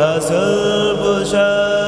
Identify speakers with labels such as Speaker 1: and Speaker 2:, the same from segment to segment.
Speaker 1: أسل بشار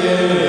Speaker 1: Amen.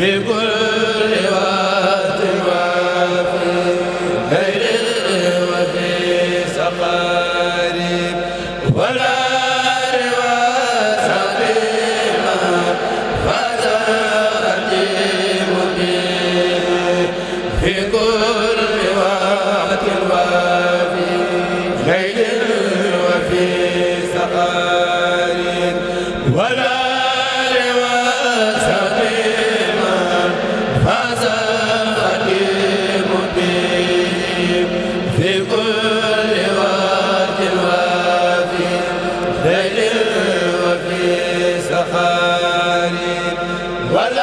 Speaker 1: Hey, wala